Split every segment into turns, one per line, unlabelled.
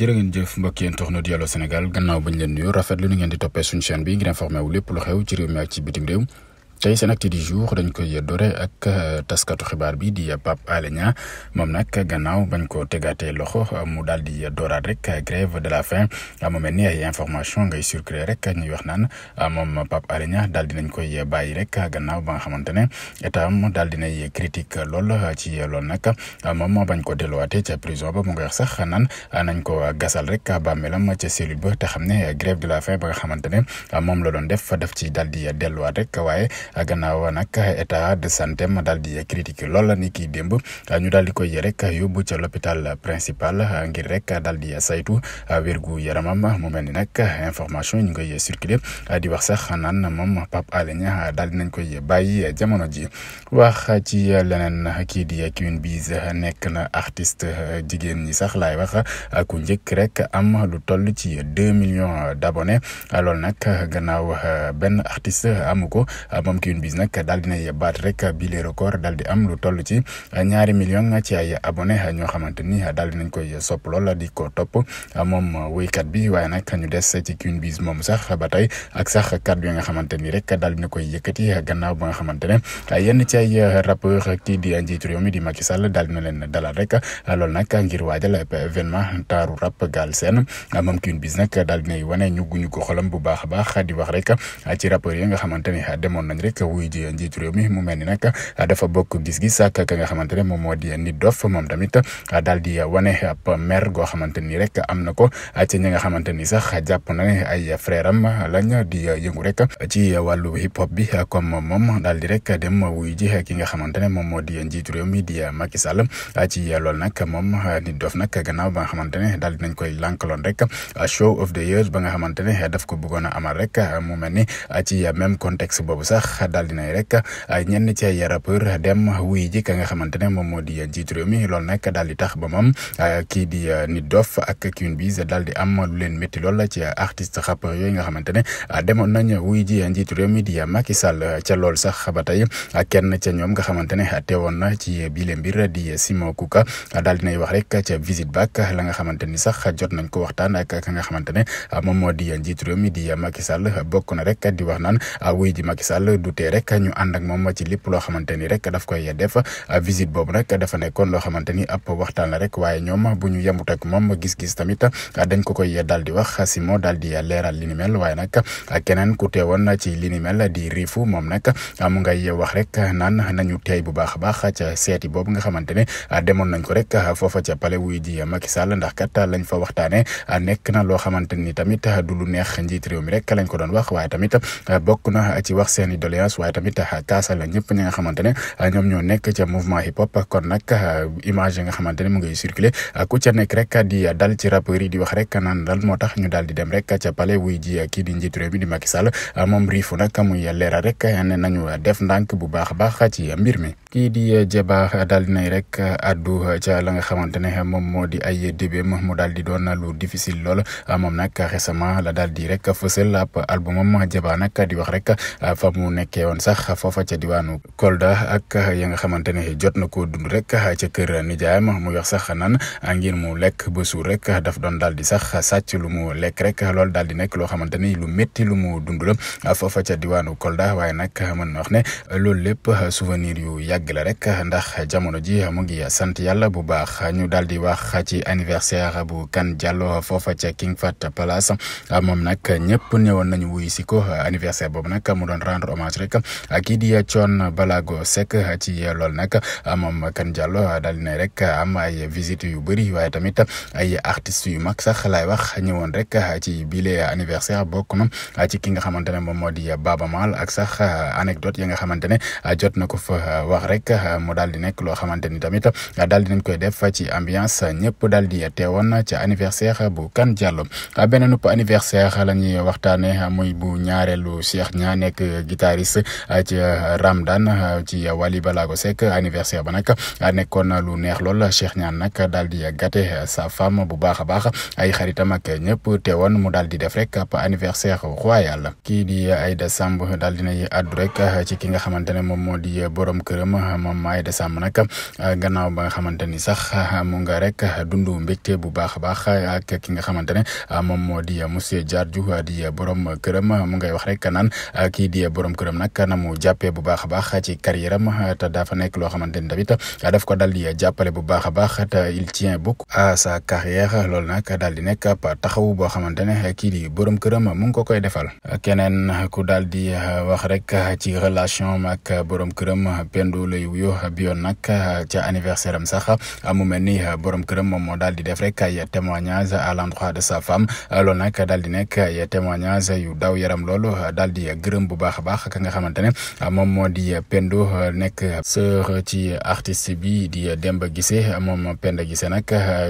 jërë ngeen jëf mbokk yi internet Allô Sénégal gannaaw bañ leen nuyu rafet lu nu ngeen di toppee suñu chaîne bi ngir informé wu lépp lu xew ci réew mi ak ci bitim réew tey seen acte du jour dañ koy dore ak euh, taskatu xibaar bi di Pape Alé Niang moom nag gannaaw bañ ko tegaatee loxo mu daal di dooraat rek grève de la faim mu mel ni information ngay circuler rek ñuy wax naan moom Pape Alé Niang daal di nañ koy bàyyi rek gannaaw ba nga xamante ne état am daal di nay critique lool ci loolu nag moom bañ ko delluwaatee ca prison ba mu ngi wax sax naan nañ ko gasal rek bàmmeelam ca cellule ba te xam ne grève de la faim ba nga xamante ne moom la doon def daf ci daal di delluwaat rek waaye. a gannaaw nag état de santé am daal di critique lool ni kii démb ñu daal di koy rek yóbbu ca l'hôpital principal ngir rek daal di saytu wérgu yaramam mu mel ni nag information ñu koy circuler di wax sax naan moom Pape Alé Niang daal di nañ koy bàyyi jamono ji wax ci leneen kii di Queen Biz nekk na artiste jigéen ñi sax laay wax ku njëkk rek am lu toll ci deux millions d'abonnés loolu nag gannaaw benn artist amu ko Cameroun Biz nag daal dina baat rek bi les record daal di am lu toll ci ñaari million ci ay abonné a xamante ni daal dinañ koy sopp lool di ko topp moom woykat bi waaye nag ñu des ci Queen Biz moom sax ba tey ak sax kàddu a nga xamante ni rek daal dina koy yëkkati gannaaw ba nga xamante ne yenn ci ay rappeur kii a njiitu réew mi di Macky Sall daal dina leen dalal rek loolu a ngir waajal événement taaru rap Galsen moom Queen Biz a baax di Afrique wuy ji njiitu réew mi mu mel ni nag dafa bokk gis-gis ak ka nga xamante ne moom moo di nit dof moom tamit daal di wane ab mer goo xamante ni rek am na ko ci ñi nga xamante ni sax jàpp na ne ay frère am lañ di yëngu rek ci wàllu hip hop bi comme moom daal di rek dem wuy ji ki nga xamante ne moom moo di njiitu réew mi di Macky Sall ci loolu nag moom nit dof nag gannaaw ba nga xamante ne daal di nañ koy lànkaloon rek show ba nga xamante ne daf ko bëggoon a amal rek mu mel ni ci même contexte boobu sax. sax daal di nay rek ñenn ci ay rappeur dem wuy ji nga xamante ne moom moo di njiitu mi loolu nag daal di tax ba moom kii di euh, nit dof ak Queen daal di am lu leen métti lool ci artiste rappeur yooyu nga xamante ne euh, demoon nañ wuy ji njiitu réew mi di Macky Sall euh, ca lool sax ba tey kenn ca ñoom nga xamante ne teewoon na ci bile mbir di Simon Kouka daal di nay wax rek ca visite back la nga xamante ni sax jot nañ ko waxtaan ak ka nga xamante ne moom moo di njiitu réew mi di Macky Sall bokk na rek di wax naan wuy ji Macky Sall du du tee rek ñu ànd ak moom ci lépp loo xamante ni rek daf koy def visite boobu nag dafa nekkoon loo xamante ni ab waxtaan la rek waaye ñoom bu ñu yemut ak moom gis-gis tamit dañ ko koy daal di wax Simon daal di leeral li ni mel waaye nag keneen ku teewoon ci li ni mel di riifu moom nag mu ngay wax rek naan nañu teey bu baax a baax ca seeti boobu nga xamante ne demoon nañ ko rek foofa ca palais wuy ji ndax kat lañ fa waxtaanee nekk na loo xamante ni tamit du lu neex njiit réew mi rek lañ ko doon wax waaye tamit bokk na ci wax seen i Alias waaye tamit taasal ah, ñëpp ñi nga xamante ne ah, ñoom ñoo nekk ca mouvement hip hop kon nag ah, image yi nga xamante ne mu ngi circuler ku ca nekk rek di dal a rappeurs yi di wax rek naan dal moo tax ñu daal di dem rek ca palais wuy ji kii def ndànk bu baax a baax ci mbir mi. kii di Jeba daal nay rek addu ca la nga xamante moom moo di ay débéem mu daal di doon lu difficile lool moom nag récemment la daal di rek fësal ab albumam Jeba nag di wax rek fa mu nekk. nekkee woon sax foofa ca diwaanu Kolda ak ya nga xamante ne jot na koo dund rek ca kër nijaayam mu wax sax nan ngir mu lekk ba suur rek daf doon daal di sax sàcc lu mu lekk rek loolu daal di nekk loo xamante ni lu métti lu mu dund la foofa ca diwaanu Kolda waaye nag mën na wax ne loolu lépp souvenir yu yàgg la rek ndax jamono ji mu ngi sant yàlla bu baax ñu daal di wax ci anniversaire bu Kane Diallo foofa ca King Fahd Palace moom nag ñëpp ñëwoon nañu wuy si ko boobu nag rek kii di Thione Ballago Seck ci loolu nag moom Kane Diallo daal di na rek am ay visite yu bëri waaye tamit ay artistes yu mag sax laay wax ñëwoon rek ci bile anniversaire bokk na ci ki nga xamante ne moom moo di Baaba Maal ak sax anecdote yi nga xamante ne jot na ko fa wax rek mu daal di nekk loo xamante ni a daal di nañ koy def ci ambiance ñëpp daal di a ci anniversaire bu Kane Diallo beneen anniversaire la ñuy waxtaanee muy bu ñaareelu Thiès euh, ci euh, Ramdan euh, ci Wally Ballago Seck anniversaire ba nag nekkoon lu neex lool Cheikh Niane nag daal di gâté sa femme bu baax a baax ay xaritam ak ñëpp teewoon mu daal di def rek ab anniversaire royal kii di ay Aïda Samb daal di nay àddu rek ci ki nga xamante ne moom moo di borom këram moom Aïda Samb nag gannaaw ba nga xamante ni sax mu nga rek dundu mbégte bu baax a baax ak ki nga xamante ne moom moo di monsieur Diar a di borom këram mu ngay wax rek naan kii di borom këram. mbiram nag na mu jàppee bu baax a baax ci carrière am te dafa nekk loo xamante ni tamit daf ko daal jàppale bu baax baax te il tient sa carrière loolu nag daal di nekk ab taxaw boo xamante ne kii di borom këram mu ngi ko koy defal keneen ku daal di wax rek ci relation ak borom këram Pendo lay wuyo bi yoon nag ca anniversaire am sax mu mel ni borom këram moom moo daal di def rek ay témoignage à l'endroit de sa femme loolu nag daal di nekk ay témoignage yu daw yaram loolu daal di gërëm bu baax a ki nga xamante ne moom moo di Pendo nekk sœur ci artiste bi di Demba Guissé moom Penda Guissé nag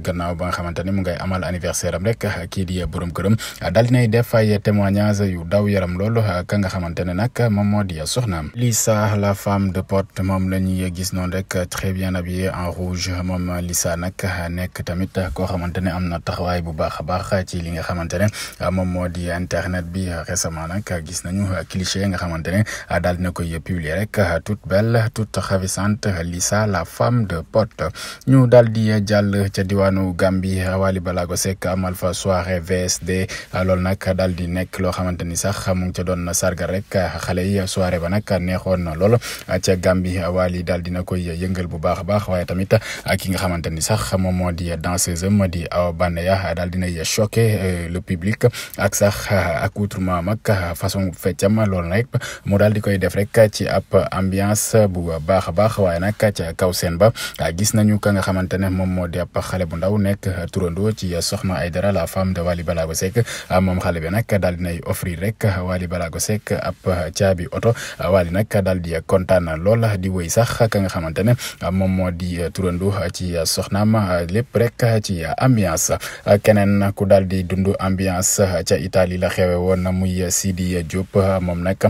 gannaaw ba nga xamante ne mu ngay amal anniversaire am rek kii di borom këram daal dinay def ay témoignages yu daw yaram loolu ka nga xamante ne nag moom moo di soxnaam Lisa la femme de porte moom la ñuy gis noonu rek très bien habillée en rouge moom Lisa nag nekk tamit koo xamante ne am na taxawaay bu baax a baax ci li nga xamante ne moom moo di internet bi récemment nag gis nañu cliché nga xamante Quotidien euh, daal dina koy publier rek euh, toute belle toute ravissante euh, Lisa la femme de Pote ñu daal di jàll ca diwaanu Gambie Wally Balago Seck amal fa soirée VSD loolu nag daal di nekk loo xamante ni sax mu ngi ca doon sargal rek xale yi soirée ba nag neexoon na lool ca Gambie Wally daal dina koy yëngal bu baax a baax waaye tamit ki nga xamante ni sax moom moo di danseuse am di Awa Banaya daal dinay choqué le public ak sax accoutrement mag façon feccam loolu rek mu daal di koy def rek ci ab ambiance bu baax a baax waaye nag ca kaw seen ba ah, gis nañu ka nga xamante ne moom moo di ab xale bu ndaw nekk turandoo ci Soxna Aydara la femme de Wally Ballago Seck ah, moom xale bi nag daal dinay offrir rek Wally Ballago Seck ab caabi oto ah, Wally nag daal di kontaan lool di wéy sax ka nga xamante ne moo di turandoo ci soxnaam lépp rek ci ambiance keneen ku daal di dund ambiance ca Italie la xewe woon muy Sidi Diop moom nag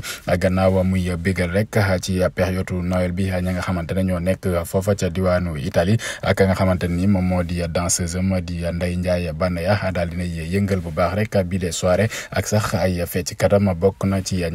gannaaw muy bégal rek ci période Noël bi ña nga xamante ne ñoo nekk foofa ca diwaanu Italie ak nga xamante ni moom moo di danseuse a di Ndeye Ndiaye Banaya daal dina yëngal bu baax rek bi les soirée ak sax a fecc katam bokk na ci a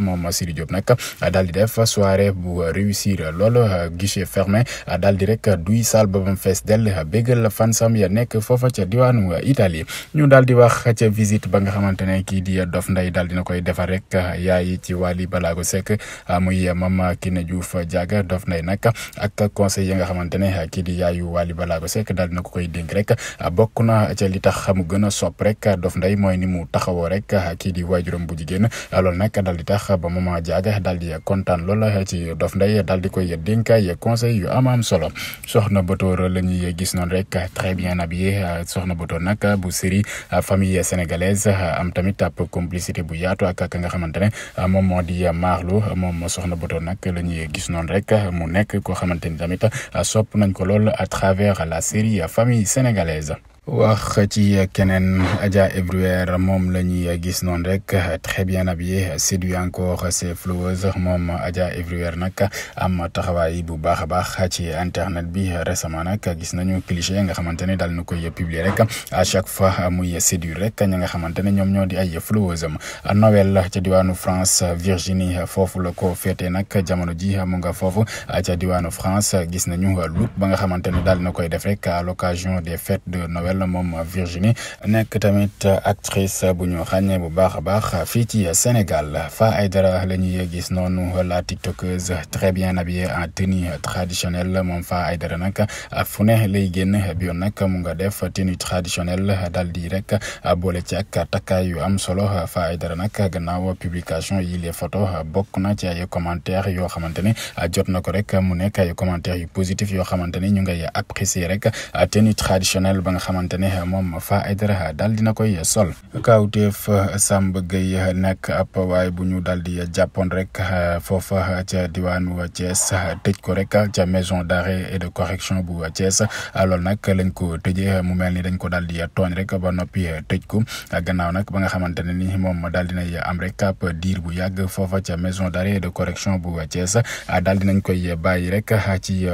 moom Sidy Diop nag daal di def soirée bu réussir lool guichet fermé daal di rek duy salle ba mu fees del bégal fansam ya nekk foofa ca diwaanu Italie ñu daal di wax ca visite ba nga xamante ne kii di Dof Ndeye daal dina koy defar rek yaay ci wàllu Balago Seck ah, muy Mame Kiné Diouf Diaga Dof Ndeye nag ak conseil yi nga xamante ne kii di yaayu Waly Balago Seck daal dina ko koy dénk rek ah, bokk na ca li tax mu gën a sopp rek Dof Ndeye mooy ni mu taxawoo rek kii di waajuram bu jigéen ah, loolu nag daal di tax ba Mame Diaga daal di kontaan lool ci Dof Ndeye daal di koy dénk ay conseil yu am am solo soxna Batoor la ñuy gis noonu rek très bien habillé soxna Batoor nag bu série famille sénégalaise am tamit ab complicité bu yaatu ak ka nga xamante ne moom di maarlu moom soxna Boto nag la ñuy gis noonu rek mu nekk koo xamante ni tamit sopp nañ ko lool à travers la série famille sénégalaise wax ci keneen Adja Ebruer moom la ñuy gis noonu rek très bien habillée séduit encore ses followers moom Adja Ebruer nag am taxawaay bu baax a baax ci internet bi récemment nag gis nañu cliché nga xamante ne daal na koy publier rek à chaque fois muy séduire rek nga xamante ne ñoom ñoo di ay followers am Noël ca diwaanu France Virginie foofu la ko féetee nag jamono ji mu nga foofu ca diwaanu France gis nañu look ba nga xamante ne daal na koy def rek à l'occasion des fêtes de Noël. Noël moom Virginie nekk tamit actrice bu ñu xàññee bu baax a baax fii ci Sénégal Fa Aïdara la ñuy gis noonu la tiktokeuse très bien habillée en tenue traditionnelle moom Fa ay Aïdara nag fu ne lay génn bi yoon mu nga def tenue traditionnelle daal di rek boole ci ak takkaay yu am solo Fa Aïdara nag gannaaw publication yi les photos na ci ay commentaires yoo xamante ne jot na ko rek mu nekk ay commentaires yu positif yoo xamante ne ñu ngay apprécier rek tenue traditionnelle ba nga xamante xamante ne moom Fa Aidara daal dina koy sol kawteef Samb Gueye nekk ab waaye bu ñu daal di jàppoon rek foofa ca diwaanu Thiès tëj ko rek ca maison d'arrêt et de correction bu Thiès loolu nag lañ ko tëjee mu mel ni dañ ko daal di tooñ rek ba noppi tëj ko gannaaw nag ba nga xamante ne ni moom daal dinay am rek ab diir bu yàgg foofa ca maison d'arrêt de correction bu Thiès daal dinañ koy bàyyi rek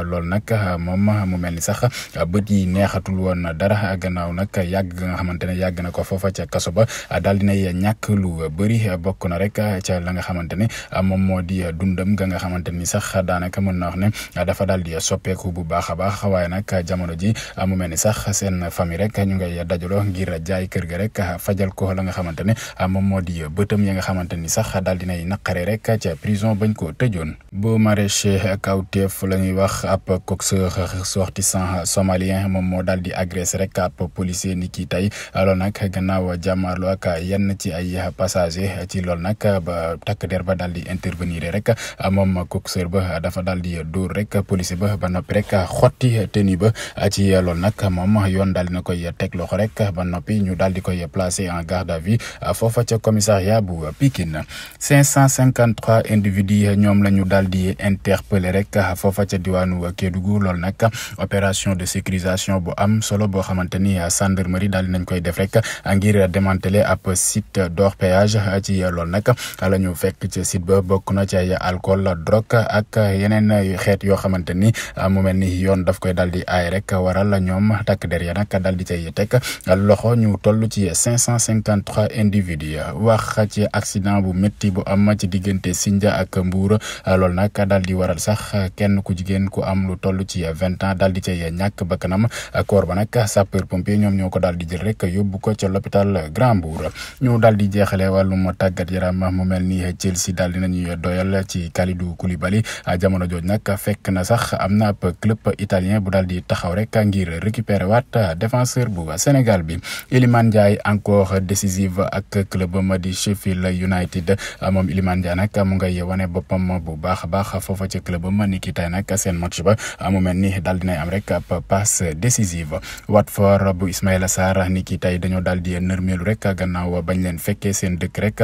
loolu nag moom mu mel ni sax bët yi neexatul woon dara gannaaw nag yàgg nga xamante ne yàgg na ko foofa ca kaso ba daal dinay ñàkk lu bëri bokk na rek ca la nga xamante ne moom moo di dundam nga nga xamante ni sax daanaka mën na wax ne dafa daal di soppeeku bu baax baax waaye nag jamono ji mu ni sax seen famille rek ñu ngay dajaloo ngir jaay kër ga rek fajal ko la nga xamante ne moom moo di bëtam ya nga xamante ni sax daal dinay naqare rek ca prison bañ ko tëjoon bu maraîcher kawteef la ñuy wax ab coxeur sortissant somalien moom moo daal di agressé rek ab policier ni ki tey loolu nag gannaaw a ak yenn ci ay passager ci loolu nag ba takk der ba daal di intervenir rek moom coxeur ba dafa daal di dóor rek policier ba ba noppi rek xotti tenue ba ci loolu nag moom yoon daal di na koy teg loxo rek ba noppi ñu dal di koy placer en garde à vue foofa ca commissariat bu Pikine 553 individus ñoom la ñu daal di interpeller rek foofa ca diwaanu Kédougou loolu nag opération de sécurisation bu ni gendarmerie daal di nañ koy def rek ngir démanteler ab site d'orpaillage ci loolu nag la ñu fekk ci site ba bokk na ci ay alcool drogue ak yeneen xeet yoo xamante ni mu mel ni yoon daf koy daal di aay rek waral ñoom takk der ya nag daal di cay teg loxo ñu toll ci cinq cent cinquante trois individus wax ci accident bu métti bu am ci diggante Sindia ak Mbour loolu nag daal di waral sax kenn ku jigéen ku am lu toll ci vingt ans daal di cay ñàkk bakkanam koor ba nag sàpp sapeur pompier ñoom ñoo ko daal di jël rek yóbbu ko ca l'hôpital Grand Mbour ñu daal di jeexale wàllum tàggat yaram mu mel ni Chelsea daal di nañuy doyal ci Kalidou Koulibaly jamono jooju nag fekk na sax am na ab club italien bu daal di taxaw rek ngir récupérer waat défenseur bu Sénégal bi Iliman Ndiaye encore décisive ak club ma di Sheffield United moom Iliman Ndiaye nag mu ngay wane boppam bu baax a baax foofa ca club ma ni ki tey nag seen match ba mel ni daal dinay am corps bu Ismaïla Sarr ni ki tey dañoo daal di nërmeelu rek gannaaw bañ leen fekkee seen dëkk rek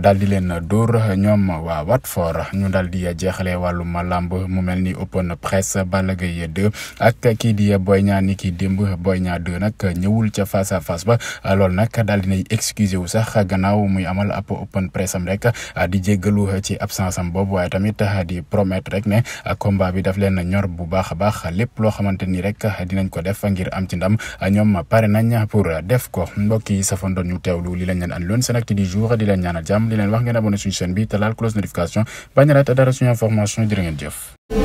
daal di leen dóor ñoom waa Watford ñu daal di jeexalee wàllum làmb mu mel ni open presse Balla Gaye 2 ak kii di Boy Niang ni ki démb Boy Niang 2 nag ñëwul ca face à face ba loolu nag daal di nay excusé wu sax gannaaw muy amal ab open presse am rek di jéggalu ci absence am boobu waaye tamit di promettre rek ne combat bi daf leen ñor bu baax a baax ñoom pare nañ pour def ko mbokk yi safandoon ñu teewlu li lañ leen an loon seen acte du jour di leen ñaanal jàmm li leen wax ngeen abonné suñu chaîne bi te laal close notification bañ a raté dara suñu information jërë ngeen jëf